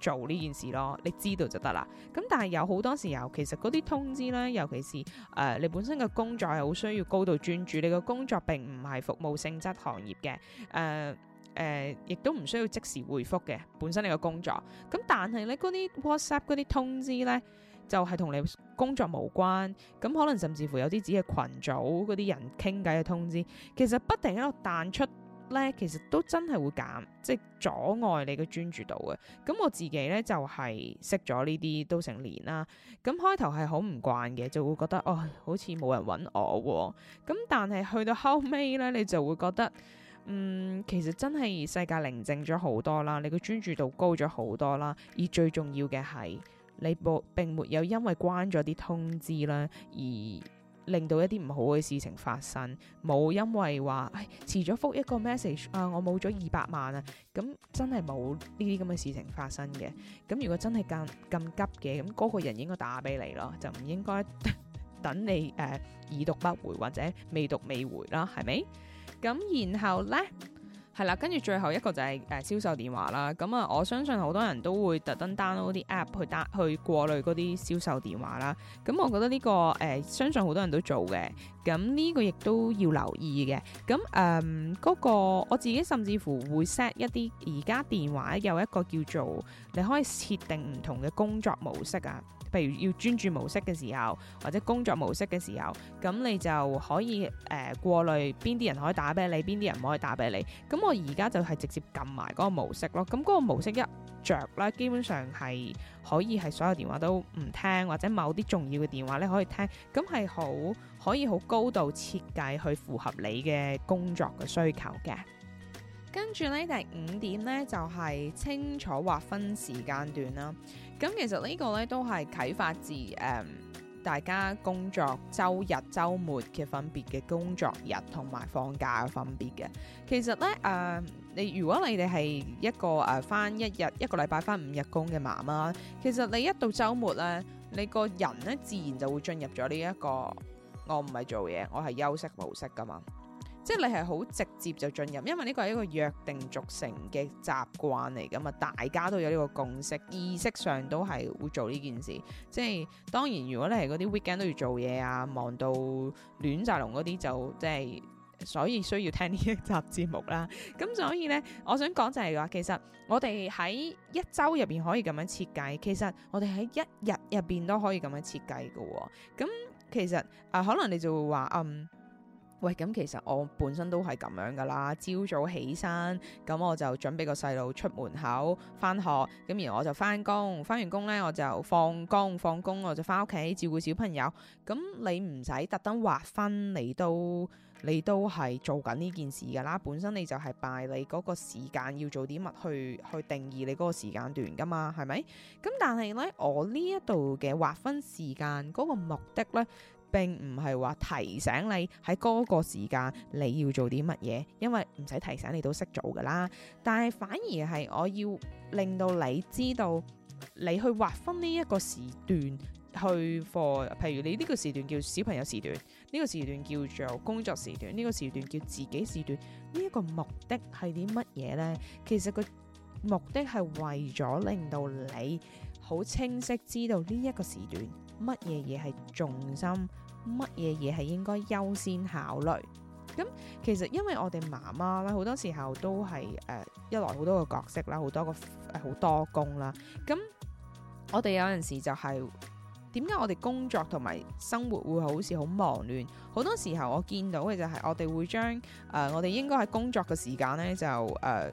Speaker 1: 做呢件事咯，你知道就得啦。咁但係有好多時候，其實嗰啲通知呢，尤其是誒、呃、你本身嘅工作係好需要高度專注，你嘅工作並唔係服務性質行業嘅，誒、呃。誒、呃，亦都唔需要即時回覆嘅，本身你個工作。咁但係咧，嗰啲 WhatsApp 嗰啲通知咧，就係、是、同你工作無關。咁可能甚至乎有啲只係群組嗰啲人傾偈嘅通知，其實不停喺度彈出咧，其實都真係會減，即、就、係、是、阻礙你嘅專注度嘅。咁我自己咧就係、是、識咗呢啲都成年啦。咁開頭係好唔慣嘅，就會覺得哦，好似冇人搵我啊。咁但係去到後尾咧，你就會覺得。嗯，其實真係世界寧靜咗好多啦，你個專注度高咗好多啦，而最重要嘅係你冇，並沒有因為關咗啲通知啦，而令到一啲唔好嘅事情發生，冇因為話唉，遲咗復一個 message 啊，我冇咗二百萬啊，咁真係冇呢啲咁嘅事情發生嘅。咁如果真係咁咁急嘅，咁嗰個人應該打俾你咯，就唔應該 等你誒，已讀不回或者未讀未回啦，係咪？咁然後呢，係啦，跟住最後一個就係誒銷售電話啦。咁啊，我相信好多人都會特登 download 啲 app 去過去過濾嗰啲銷售電話啦。咁我覺得呢、這個誒、呃，相信好多人都做嘅。咁呢、這個亦都要留意嘅。咁誒，嗰、呃，那個我自己甚至乎會 set 一啲而家電話有一個叫做你可以設定唔同嘅工作模式啊。譬如要專注模式嘅時候，或者工作模式嘅時候，咁你就可以誒、呃、過濾邊啲人可以打俾你，邊啲人唔可以打俾你。咁我而家就係直接撳埋嗰個模式咯。咁嗰個模式一着啦，基本上係可以係所有電話都唔聽，或者某啲重要嘅電話咧可以聽。咁係好可以好高度設計去符合你嘅工作嘅需求嘅。跟住呢第五點呢，就係、是、清楚劃分時間段啦。咁其實呢個呢，都係啟發自誒、呃、大家工作周日、週末嘅分別嘅工作日同埋放假嘅分別嘅。其實呢，誒、呃，你如果你哋係一個誒返、呃、一日一個禮拜返五日工嘅媽媽，其實你一到週末呢，你個人呢，自然就會進入咗呢一個我唔係做嘢，我係休息模式㗎嘛。即係你係好直接就進入，因為呢個係一個約定俗成嘅習慣嚟㗎嘛，大家都有呢個共識，意識上都係會做呢件事。即係當然，如果你係嗰啲 weekend 都要做嘢啊，忙到亂曬龍嗰啲，就即係所以需要聽呢一集節目啦。咁所以咧，我想講就係、是、話，其實我哋喺一周入邊可以咁樣設計，其實我哋喺一日入邊都可以咁樣設計㗎、哦。咁其實啊、呃，可能你就會話嗯。喂，咁其實我本身都係咁樣噶啦，朝早起身，咁我就準備個細路出門口翻學，咁然後我就翻工，翻完工呢，我就放工放工，我就翻屋企照顧小朋友。咁你唔使特登劃分，你都你都係做緊呢件事噶啦。本身你就係擺你嗰個時間要做啲乜去去定義你嗰個時間段噶嘛，係咪？咁但係呢，我呢一度嘅劃分時間嗰個目的呢。並唔係話提醒你喺嗰個時間你要做啲乜嘢，因為唔使提醒你都識做噶啦。但係反而係我要令到你知道，你去劃分呢一個時段去 for，譬如你呢個時段叫小朋友時段，呢個時段叫做工作時段，呢個時段叫自己時段。呢一個目的係啲乜嘢呢？其實個目的係為咗令到你好清晰知道呢一個時段。乜嘢嘢係重心？乜嘢嘢係應該優先考慮？咁其實因為我哋媽媽咧，好多時候都係誒、呃、一來好多個角色啦，好多個好多工啦。咁我哋有陣時就係點解我哋工作同埋生活會好似好忙亂？好多時候我見到嘅就係我哋會將誒、呃、我哋應該喺工作嘅時間呢就誒。呃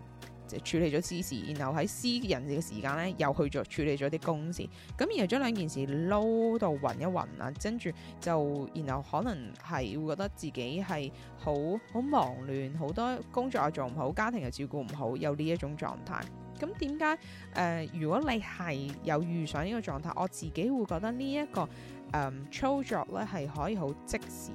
Speaker 1: 就處理咗私事，事，然後喺私人嘅時間咧，又去咗處理咗啲公事，咁然後將兩件事撈到暈一暈啊，跟住就然後可能係會覺得自己係好好忙亂，好多工作又做唔好，家庭又照顧唔好，有呢一種狀態。咁點解？誒、呃，如果你係有遇上呢個狀態，我自己會覺得呢、這、一個誒、呃、操作咧，係可以好即時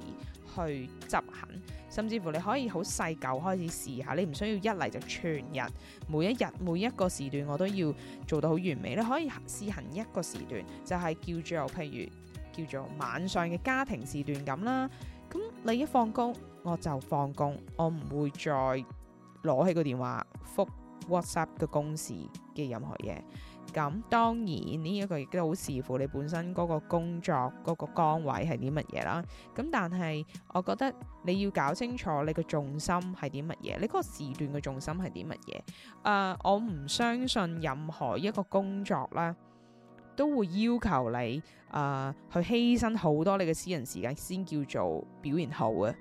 Speaker 1: 去執行。甚至乎你可以好細嚿開始試下，你唔需要一嚟就全日每一日每一個時段我都要做到好完美。你可以試行一個時段，就係叫做譬如叫做晚上嘅家庭時段咁啦。咁你一放工，我就放工，我唔會再攞起個電話覆 WhatsApp 嘅公事嘅任何嘢。咁當然呢一個亦都好視乎你本身嗰個工作嗰個崗位係啲乜嘢啦。咁但係我覺得你要搞清楚你個重心係啲乜嘢，你嗰個時段嘅重心係啲乜嘢。誒，我唔相信任何一個工作啦，都會要求你誒去犧牲好多你嘅私人時間先叫做表現好嘅。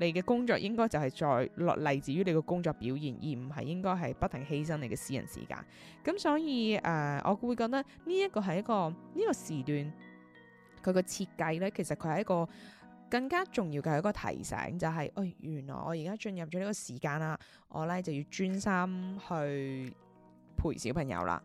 Speaker 1: 你嘅工作應該就係在落嚟自於你嘅工作表現，而唔係應該係不停犧牲你嘅私人時間。咁所以誒、呃，我會覺得呢一個係一個呢個時段佢嘅設計呢，其實佢係一個更加重要嘅一個提醒，就係、是，誒、哎，原來我而家進入咗呢個時間啦，我呢就要專心去陪小朋友啦。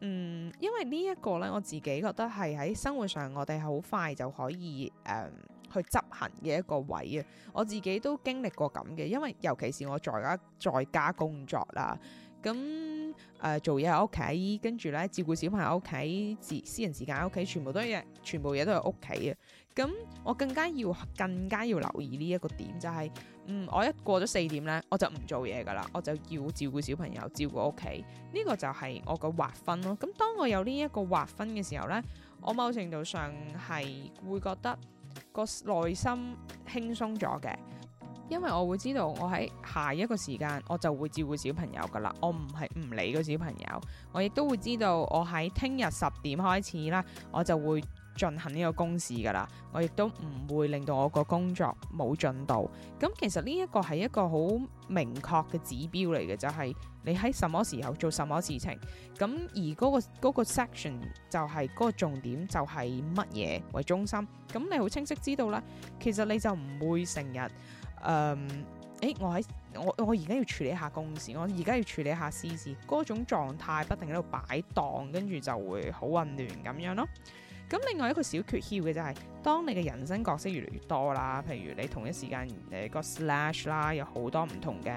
Speaker 1: 嗯，因為呢一個呢，我自己覺得係喺生活上，我哋好快就可以誒。呃去執行嘅一個位啊！我自己都經歷過咁嘅，因為尤其是我在家在家工作啦，咁誒、呃、做嘢喺屋企，跟住咧照顧小朋友屋企，自私人時間喺屋企，全部都係，全部嘢都喺屋企啊！咁我更加要更加要留意呢一個點，就係、是、嗯，我一過咗四點咧，我就唔做嘢噶啦，我就要照顧小朋友，照顧屋企，呢、這個就係我嘅劃分咯。咁當我有呢一個劃分嘅時候咧，我某程度上係會覺得，個內心輕鬆咗嘅，因為我會知道我喺下一個時間我就會照顧小朋友㗎喇，我唔係唔理個小朋友，我亦都會知道我喺聽日十點開始喇，我就會。進行呢個公事㗎啦，我亦都唔會令到我個工作冇進度。咁其實呢一個係一個好明確嘅指標嚟嘅，就係、是、你喺什麼時候做什麼事情。咁而嗰、那個那個 section 就係、是、嗰、那個重點，就係乜嘢為中心。咁你好清晰知道啦。其實你就唔會成日誒，我喺我我而家要處理一下公事，我而家要處理一下私事嗰種狀態，不停喺度擺盪，跟住就會好混亂咁樣咯。咁另外一個小訣竅嘅就係、是，當你嘅人生角色越嚟越多啦，譬如你同一時間誒個 slash 啦，有好多唔同嘅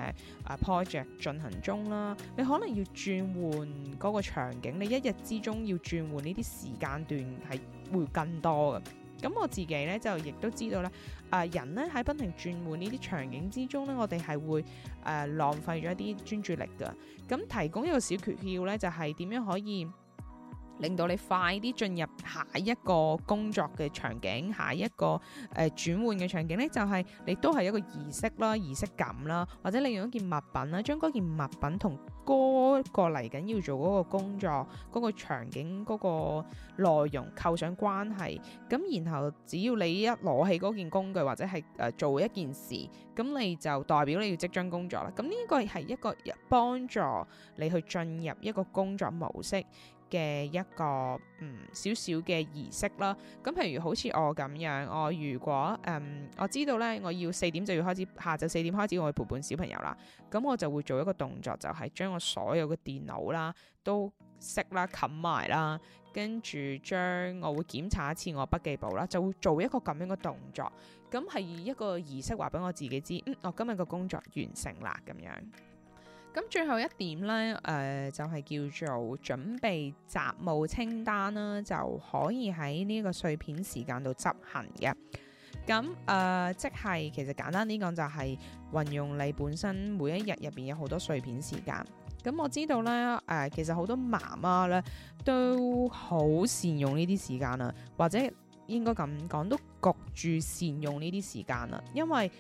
Speaker 1: 啊 project 進行中啦，你可能要轉換嗰個場景，你一日之中要轉換呢啲時間段係會更多嘅。咁我自己咧就亦都知道咧，啊、呃、人咧喺不停轉換呢啲場景之中咧，我哋係會誒、呃、浪費咗一啲專注力嘅。咁提供一個小訣竅咧，就係點樣可以，令到你快啲進入下一個工作嘅場景，下一個誒轉換嘅場景呢，就係、是、你都係一個儀式啦、儀式感啦，或者你用一件物品啦，將嗰件物品同嗰個嚟緊要做嗰個工作嗰、那個場景嗰、那個內容扣上關係，咁然後只要你一攞起嗰件工具或者係誒、呃、做一件事，咁你就代表你要即將工作啦。咁呢個係一個幫助你去進入一個工作模式。嘅一個嗯少少嘅儀式啦，咁譬如好似我咁樣，我如果嗯我知道呢，我要四點就要開始，下晝四點開始我去陪伴小朋友啦，咁我就會做一個動作，就係將我所有嘅電腦啦都熄啦，冚埋啦，跟住將我會檢查一次我筆記簿啦，就會做一個咁樣嘅動作，咁係以一個儀式，話俾我自己知，嗯，我今日個工作完成啦咁樣。咁最後一點呢，誒、呃、就係、是、叫做準備雜務清單啦，就可以喺呢個碎片時間度執行嘅。咁誒、呃，即係其實簡單啲講、就是，就係運用你本身每一日入邊有好多碎片時間。咁我知道呢，誒、呃、其實好多媽媽呢都好善用呢啲時間啦，或者應該咁講都焗住善用呢啲時間啦，因為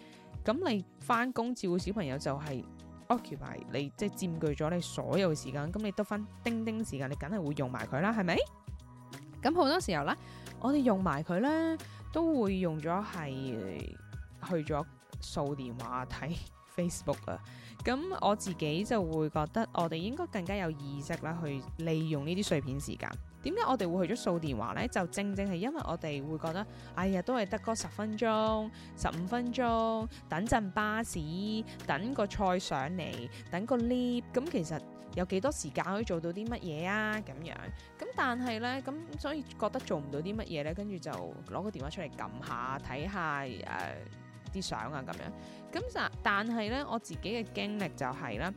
Speaker 1: 咁你翻工照顧小朋友就係、是。occupy 你即係佔據咗你所有時間，咁你得返丁丁時間，你梗係會用埋佢啦，係咪？咁好多時候咧，我哋用埋佢咧，都會用咗係去咗掃電話睇 Facebook 啊。咁我自己就會覺得，我哋應該更加有意識啦，去利用呢啲碎片時間。點解我哋會去咗掃電話呢？就正正係因為我哋會覺得，哎呀，都係得嗰十分鐘、十五分鐘，等陣巴士，等個菜上嚟，等個 lift，咁其實有幾多時間可以做到啲乜嘢啊？咁樣，咁但係呢，咁所以覺得做唔到啲乜嘢呢？跟住就攞個電話出嚟撳下，睇下誒啲相啊咁樣。咁但但係呢，我自己嘅經歷就係啦。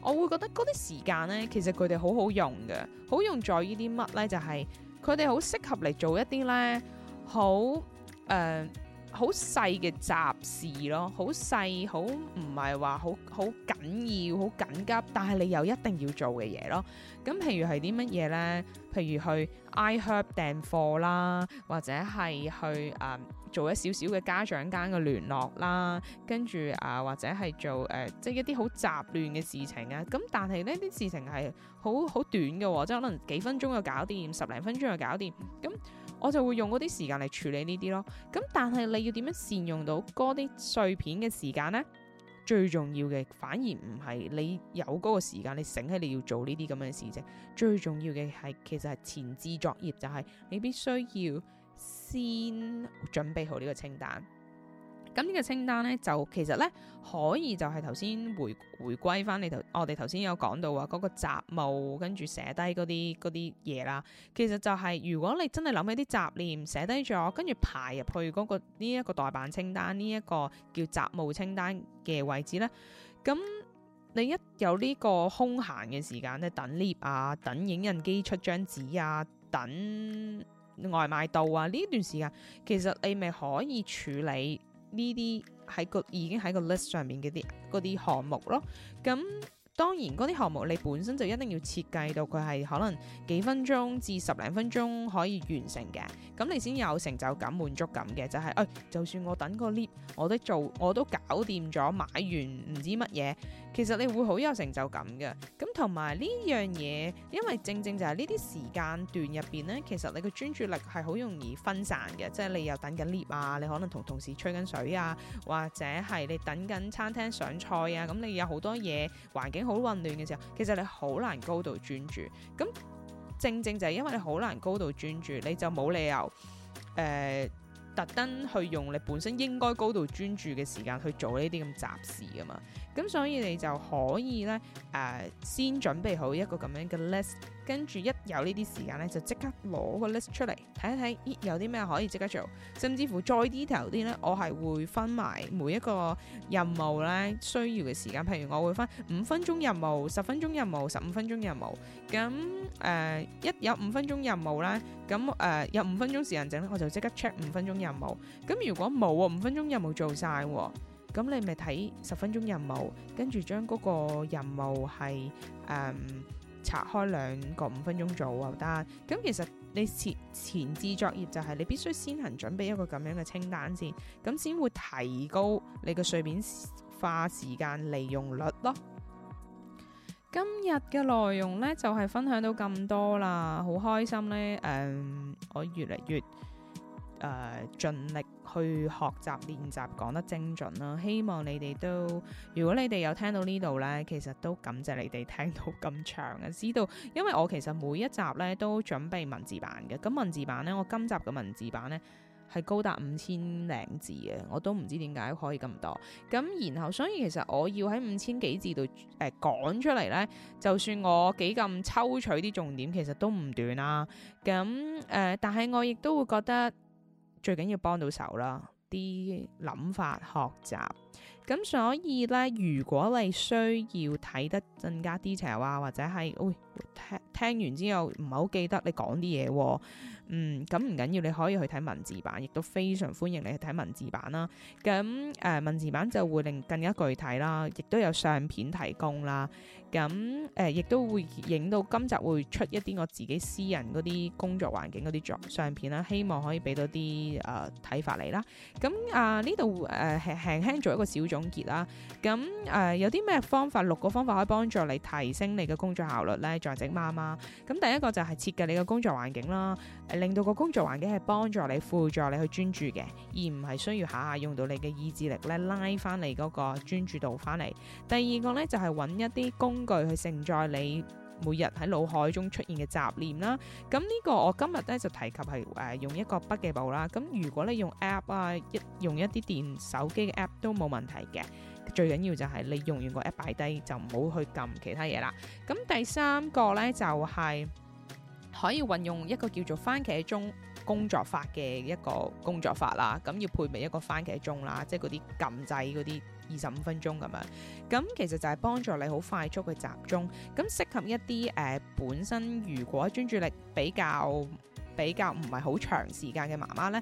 Speaker 1: 我會覺得嗰啲時間呢，其實佢哋好好用嘅，好用在於啲乜呢？就係佢哋好適合嚟做一啲呢好誒好細嘅雜事咯，好細，好唔係話好好緊要好緊急，但係你又一定要做嘅嘢咯。咁譬如係啲乜嘢呢？譬如去 iHerb 訂貨啦，或者係去誒。呃做一少少嘅家長間嘅聯絡啦，跟住啊或者係做誒、呃，即係一啲好雜亂嘅事情啊。咁但係呢啲事情係好好短嘅，即係可能幾分鐘就搞掂，十零分鐘就搞掂。咁我就會用嗰啲時間嚟處理呢啲咯。咁但係你要點樣善用到嗰啲碎片嘅時間呢？最重要嘅反而唔係你有嗰個時間，你醒起你要做呢啲咁嘅事情。最重要嘅係其實係前置作業，就係、是、你必須要。先準備好呢個清單，咁呢個清單呢，就其實呢，可以就係頭先回回歸返你頭，我哋頭先有講到話嗰個雜務，跟住寫低嗰啲啲嘢啦。其實就係、是、如果你真係諗起啲雜念，寫低咗，跟住排入去嗰、那個呢一、這個待辦清單，呢、這、一個叫雜務清單嘅位置呢。咁你一有呢個空閒嘅時間咧，你等 lift 啊，等影印機出張紙啊，等外賣到啊！呢段時間其實你咪可以處理呢啲喺個已經喺個 list 上面嗰啲嗰啲項目咯，咁。當然，嗰啲項目你本身就一定要設計到佢係可能幾分鐘至十零分鐘可以完成嘅，咁你先有成就感、滿足感嘅。就係、是、誒、哎，就算我等個 lift 我都做，我都搞掂咗，買完唔知乜嘢，其實你會好有成就感嘅。咁同埋呢樣嘢，因為正正就係呢啲時間段入邊呢，其實你嘅專注力係好容易分散嘅，即、就、係、是、你又等緊 lift 啊，你可能同同事吹緊水啊，或者係你等緊餐廳上菜啊，咁你有好多嘢環境好混亂嘅時候，其實你好難高度專注。咁正正就係因為你好難高度專注，你就冇理由誒、呃、特登去用你本身應該高度專注嘅時間去做呢啲咁雜事㗎嘛。咁所以你就可以咧，誒、呃、先準備好一個咁樣嘅 list，跟住一有呢啲時間咧，就即刻攞個 list 出嚟睇一睇，咦，有啲咩可以即刻做，甚至乎再 detail 啲咧，我係會分埋每一個任務咧需要嘅時間。譬如我會分五分鐘任務、十分鐘任務、十五分鐘任務。咁誒、呃，一有五分鐘任務咧，咁誒、呃、有五分鐘時間整咧，我就即刻 check 五分鐘任務。咁如果冇五分鐘任務做晒。咁你咪睇十分鐘任務，跟住將嗰個任務係誒、嗯、拆開兩個五分鐘做啊單。咁其實你前前置作業就係你必須先行準備一個咁樣嘅清單先，咁先會提高你嘅碎片化時間利用率咯。今日嘅內容呢，就係、是、分享到咁多啦，好開心呢。誒、嗯，我越嚟越～誒，盡、呃、力去學習練習講得精準啦。希望你哋都，如果你哋有聽到呢度呢，其實都感謝你哋聽到咁長嘅、啊，知道。因為我其實每一集呢都準備文字版嘅，咁文字版呢，我今集嘅文字版呢係高達五千零字嘅，我都唔知點解可以咁多。咁然後，所以其實我要喺五千幾字度誒講出嚟，呢，就算我幾咁抽取啲重點，其實都唔短啦、啊。咁誒、呃，但係我亦都會覺得。最緊要幫到手啦，啲諗法學習，咁所以呢，如果你需要睇得更加 detail 啊，或者係喂、哎，聽聽完之後唔係好記得你講啲嘢。嗯，咁唔緊要，你可以去睇文字版，亦都非常歡迎你去睇文字版啦。咁、嗯、誒文字版就會令更加具體啦，亦都有相片提供啦。咁、嗯、誒、呃，亦都會影到今集會出一啲我自己私人嗰啲工作環境嗰啲作相片啦，希望可以俾到啲誒睇法你啦。咁啊呢度誒輕輕做一個小總結啦。咁、嗯、誒、呃、有啲咩方法，六個方法可以幫助你提升你嘅工作效率呢？在職媽媽，咁、嗯、第一個就係設計你嘅工作環境啦。令到個工作環境係幫助你、輔助你去專注嘅，而唔係需要下下用到你嘅意志力咧，拉翻你嗰個專注度翻嚟。第二個咧就係、是、揾一啲工具去盛載你每日喺腦海中出現嘅雜念啦。咁呢個我今日咧就提及係誒、呃、用一個筆記簿啦。咁如果你用 App 啊，一用一啲電手機嘅 App 都冇問題嘅。最緊要就係你用完個 App 擺低就唔好去撳其他嘢啦。咁第三個咧就係、是。可以運用一個叫做番茄鐘工作法嘅一個工作法啦，咁要配備一個番茄鐘啦，即係嗰啲撳掣嗰啲二十五分鐘咁樣。咁其實就係幫助你好快速嘅集中，咁適合一啲誒、呃、本身如果專注力比較比較唔係好長時間嘅媽媽咧，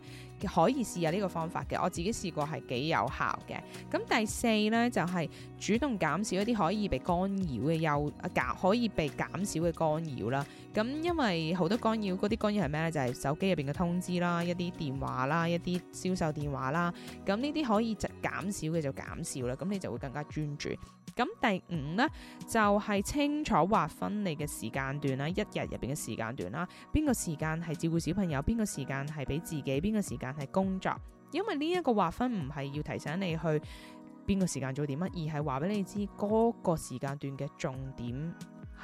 Speaker 1: 可以試下呢個方法嘅。我自己試過係幾有效嘅。咁第四咧就係、是。主動減少一啲可以被干擾嘅，又啊減可以被減少嘅干擾啦。咁因為好多干擾，嗰啲干擾係咩呢？就係、是、手機入邊嘅通知啦，一啲電話啦，一啲銷售電話啦。咁呢啲可以減就減少嘅就減少啦。咁你就會更加專注。咁第五呢，就係、是、清楚劃分你嘅時間段啦，一日入邊嘅時間段啦，邊個時間係照顧小朋友，邊個時間係俾自己，邊個時間係工作。因為呢一個劃分唔係要提醒你去。邊個時間做點乜，而係話俾你知嗰、那個時間段嘅重點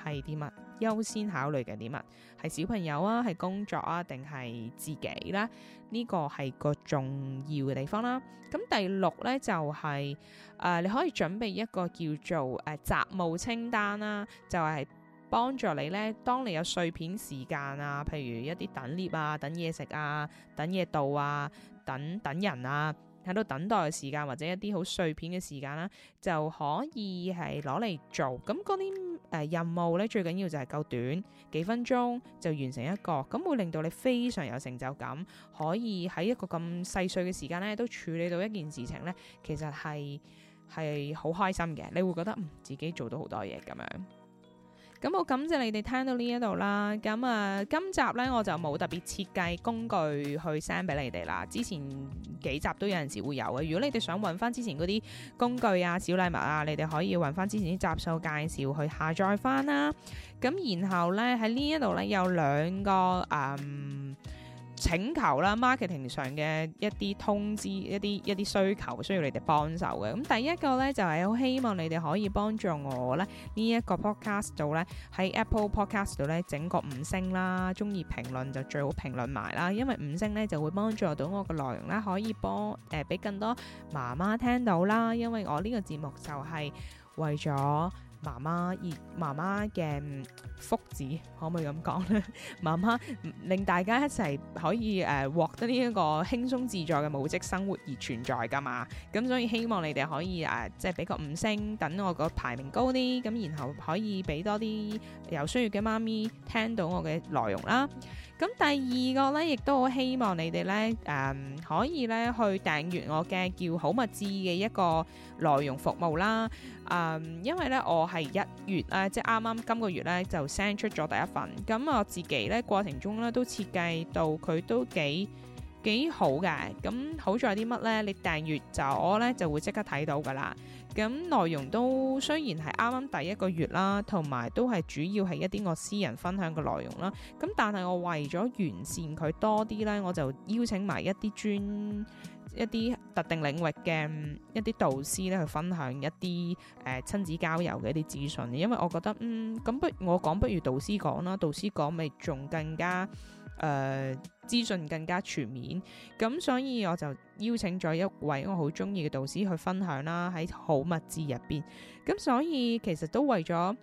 Speaker 1: 係啲乜，優先考慮緊啲乜，係小朋友啊，係工作啊，定係自己啦？呢個係個重要嘅地方啦。咁第六呢，就係、是、誒、呃，你可以準備一個叫做誒雜務清單啦、啊，就係、是、幫助你呢，當你有碎片時間啊，譬如一啲等 lift 啊、等嘢食啊、等嘢到啊、等等人啊。喺度等待嘅時間或者一啲好碎片嘅時間啦，就可以係攞嚟做。咁嗰啲誒任務咧，最緊要就係夠短，幾分鐘就完成一個，咁會令到你非常有成就感，可以喺一個咁細碎嘅時間咧，都處理到一件事情咧，其實係係好開心嘅，你會覺得，呃，自己做到好多嘢咁樣。咁我感謝你哋聽到呢一度啦，咁啊，今集呢，我就冇特別設計工具去 send 俾你哋啦。之前幾集都有陣時會有嘅。如果你哋想揾翻之前嗰啲工具啊、小禮物啊，你哋可以揾翻之前啲集數介紹去下載翻啦。咁然後呢，喺呢一度呢，有兩個誒。嗯請求啦，marketing 上嘅一啲通知，一啲一啲需求需要你哋幫手嘅。咁、嗯、第一個呢，就係、是、好希望你哋可以幫助我呢呢一個 podcast 度呢，喺、這個、Pod Apple podcast 度呢，整個五星啦，中意評論就最好評論埋啦，因為五星呢就會幫助到我嘅內容啦，可以幫誒俾、呃、更多媽媽聽到啦，因為我呢個節目就係為咗。媽媽而媽媽嘅福祉可唔可以咁講咧？媽媽令大家一齊可以誒、呃、獲得呢一個輕鬆自在嘅母職生活而存在㗎嘛。咁所以希望你哋可以誒、呃、即係俾個五星，等我個排名高啲，咁然後可以俾多啲有需要嘅媽咪聽到我嘅內容啦。咁第二個咧，亦都好希望你哋咧，誒、呃、可以咧去訂閲我嘅叫好物資嘅一個內容服務啦，誒、呃，因為咧我係一月咧，即係啱啱今個月咧就 send 出咗第一份，咁我自己咧過程中咧都設計到佢都幾幾好嘅，咁好在啲乜咧？你訂閲咗我咧就會即刻睇到噶啦。咁內容都雖然係啱啱第一個月啦，同埋都係主要係一啲我私人分享嘅內容啦。咁但係我為咗完善佢多啲呢，我就邀請埋一啲專一啲特定領域嘅一啲導師咧去分享一啲誒、呃、親子交友嘅一啲資訊，因為我覺得嗯，咁不我講不如導師講啦，導師講咪仲更加。誒，資訊、uh, 更加全面，咁所以我就邀請咗一位我好中意嘅導師去分享啦，喺好物資入邊，咁所以其實都為咗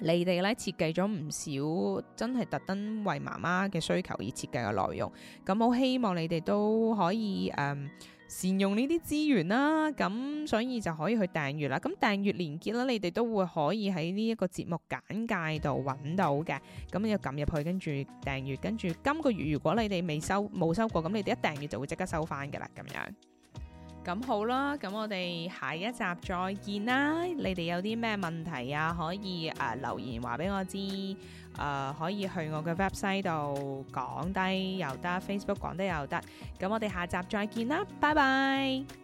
Speaker 1: 你哋咧設計咗唔少真係特登為媽媽嘅需求而設計嘅內容，咁好希望你哋都可以誒。嗯善用呢啲資源啦，咁所以就可以去訂閱啦。咁訂閱連結咧，你哋都會可以喺呢一個節目簡介度揾到嘅。咁你就撳入去，跟住訂閱，跟住今個月如果你哋未收冇收過，咁你哋一訂閱就會即刻收翻噶啦，咁樣。咁好啦，咁我哋下一集再見啦！你哋有啲咩問題啊？可以誒、呃、留言話俾我知，誒、呃、可以去我嘅 website 度講低又得，Facebook 講低又得。咁我哋下集再見啦，拜拜。